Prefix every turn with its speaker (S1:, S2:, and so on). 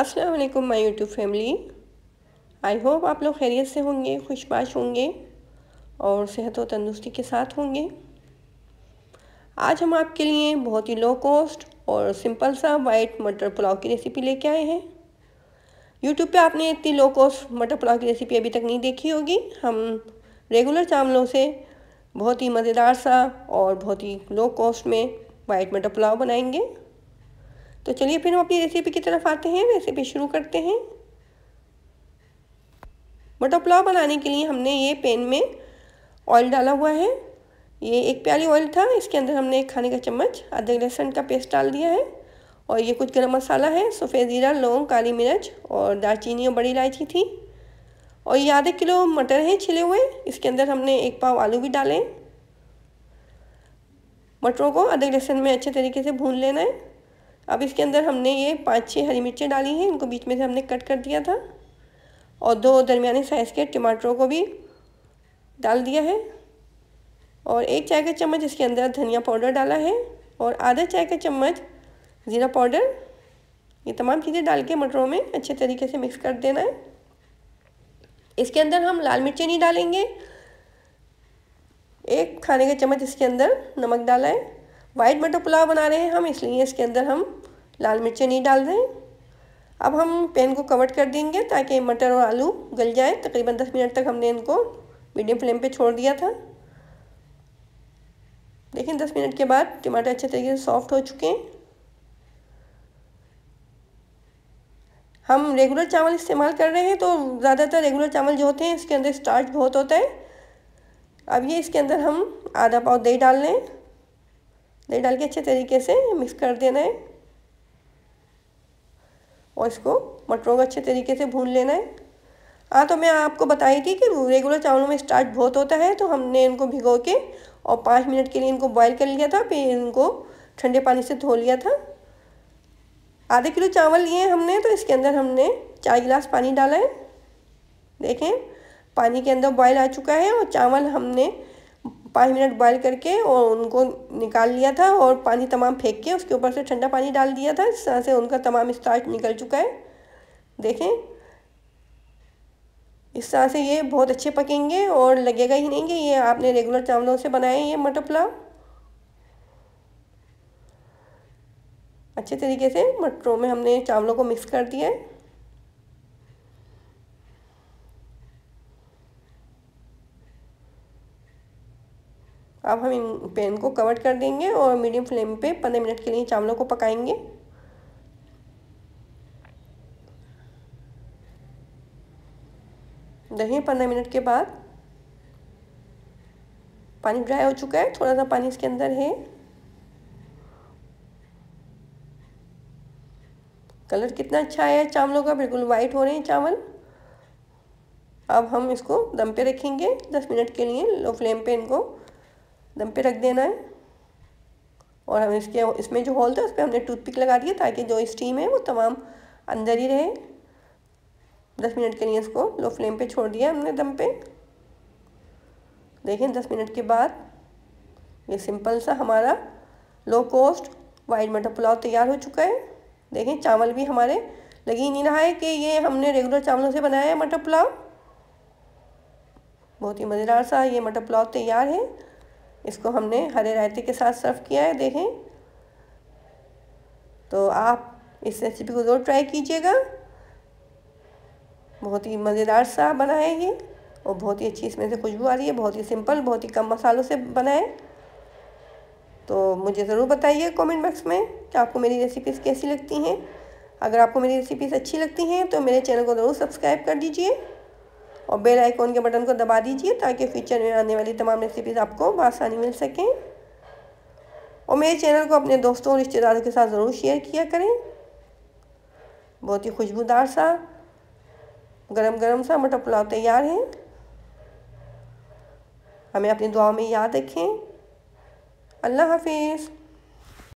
S1: अस्सलाम वालेकुम my YouTube family I hope आप लोग खैरियत से होंगे खुशबाश होंगे और सेहत और तंदुरुस्ती के साथ होंगे आज हम आपके लिए बहुत ही लो कॉस्ट और सिंपल सा वाइट मटर पुलाव की रेसिपी लेके आए हैं यूट्यूब पे आपने इतनी लो कॉस्ट मटर पुलाव की रेसिपी अभी तक नहीं देखी होगी हम रेगुलर चावलों से बहुत ही मज़ेदार सा और बहुत ही लो कॉस्ट में वाइट मटर पुलाव बनाएंगे तो चलिए फिर हम अपनी रेसिपी की तरफ आते हैं रेसिपी शुरू करते हैं बटर पुलाव बनाने के लिए हमने ये पैन में ऑयल डाला हुआ है ये एक प्याली ऑयल था इसके अंदर हमने एक खाने का चम्मच अदरक लहसुन का पेस्ट डाल दिया है और ये कुछ गरम मसाला है सफ़ेद ज़ीरा लौंग काली मिर्च और दालचीनी और बड़ी इलायची थी और ये आधे किलो मटर हैं छिले हुए इसके अंदर हमने एक पाव आलू भी डाले मटरों को अदरक लहसुन में अच्छे तरीके से भून लेना है अब इसके अंदर हमने ये पाँच छः हरी मिर्चें डाली हैं इनको बीच में से हमने कट कर दिया था और दो दरमिया साइज़ के टमाटरों को भी डाल दिया है और एक चाय का चम्मच इसके अंदर धनिया पाउडर डाला है और आधा चाय का चम्मच ज़ीरा पाउडर ये तमाम चीज़ें डाल के मटरों में अच्छे तरीके से मिक्स कर देना है इसके अंदर हम लाल मिर्चें नहीं डालेंगे एक खाने का चम्मच इसके अंदर नमक डाला है वाइट मटर पुलाव बना रहे हैं हम इसलिए इसके अंदर हम लाल मिर्चें नहीं डाल रहे अब हम पैन को कवर कर देंगे ताकि मटर और आलू गल जाए तकरीबन दस मिनट तक हमने इनको मीडियम फ्लेम पे छोड़ दिया था देखें दस मिनट के बाद टमाटर अच्छे तरीके से सॉफ्ट हो चुके हैं हम रेगुलर चावल इस्तेमाल कर रहे हैं तो ज़्यादातर रेगुलर चावल जो होते हैं इसके अंदर स्टार्च बहुत होता है अब ये इसके अंदर हम आधा पाव दही डाल लें दही डाल के अच्छे तरीके से मिक्स कर देना है और इसको मटरों को अच्छे तरीके से भून लेना है हाँ तो मैं आपको बताई थी कि रेगुलर चावलों में स्टार्च बहुत होता है तो हमने इनको भिगो के और पाँच मिनट के लिए इनको बॉईल कर लिया था फिर इनको ठंडे पानी से धो लिया था आधे किलो चावल लिए हमने तो इसके अंदर हमने चार गिलास पानी डाला है देखें पानी के अंदर बॉयल आ चुका है और चावल हमने पाँच मिनट बॉयल करके और उनको निकाल लिया था और पानी तमाम फेंक के उसके ऊपर से ठंडा पानी डाल दिया था इस तरह से उनका तमाम स्टार्च निकल चुका है देखें इस तरह से ये बहुत अच्छे पकेंगे और लगेगा ही नहीं कि ये आपने रेगुलर चावलों से बनाए ये मटर पुलाव अच्छे तरीके से मटरों में हमने चावलों को मिक्स कर दिया है अब हम इन पैन को कवर कर देंगे और मीडियम फ्लेम पे पंद्रह मिनट के लिए चावलों को पकाएंगे दही पंद्रह मिनट के बाद पानी ड्राई हो चुका है थोड़ा सा पानी इसके अंदर है कलर कितना अच्छा आया चावलों का बिल्कुल वाइट हो रहे हैं चावल अब हम इसको दम पे रखेंगे दस मिनट के लिए लो फ्लेम पे इनको दम पे रख देना है और हम इसके इसमें जो होल था उस पर हमने टूथपिक लगा दिया ताकि जो स्टीम है वो तमाम अंदर ही रहे दस मिनट के लिए इसको लो फ्लेम पे छोड़ दिया हमने दम पे देखें दस मिनट के बाद ये सिंपल सा हमारा लो कॉस्ट वाइट मटर पुलाव तैयार हो चुका है देखें चावल भी हमारे लग ही नहीं रहा है कि ये हमने रेगुलर चावलों से बनाया है मटर पुलाव बहुत ही मज़ेदार सा ये मटर पुलाव तैयार है इसको हमने हरे रायते के साथ सर्व किया है देखें तो आप इस रेसिपी को ज़रूर ट्राई कीजिएगा बहुत ही मज़ेदार सा बना है ये और बहुत ही अच्छी इसमें से खुशबू आ रही है बहुत ही सिंपल बहुत ही कम मसालों से बना है तो मुझे ज़रूर बताइए कमेंट बॉक्स में कि आपको मेरी रेसिपीज़ कैसी लगती हैं अगर आपको मेरी रेसिपीज़ अच्छी लगती हैं तो मेरे चैनल को ज़रूर सब्सक्राइब कर दीजिए और बेल आइकॉन के बटन को दबा दीजिए ताकि फ्यूचर में आने वाली तमाम रेसिपीज़ आपको आसानी मिल सकें और मेरे चैनल को अपने दोस्तों और रिश्तेदारों के साथ ज़रूर शेयर किया करें बहुत ही खुशबूदार सा गरम गरम सा मटर पुलाव तैयार है हमें अपनी दुआओं में याद रखें अल्लाह हाफिज़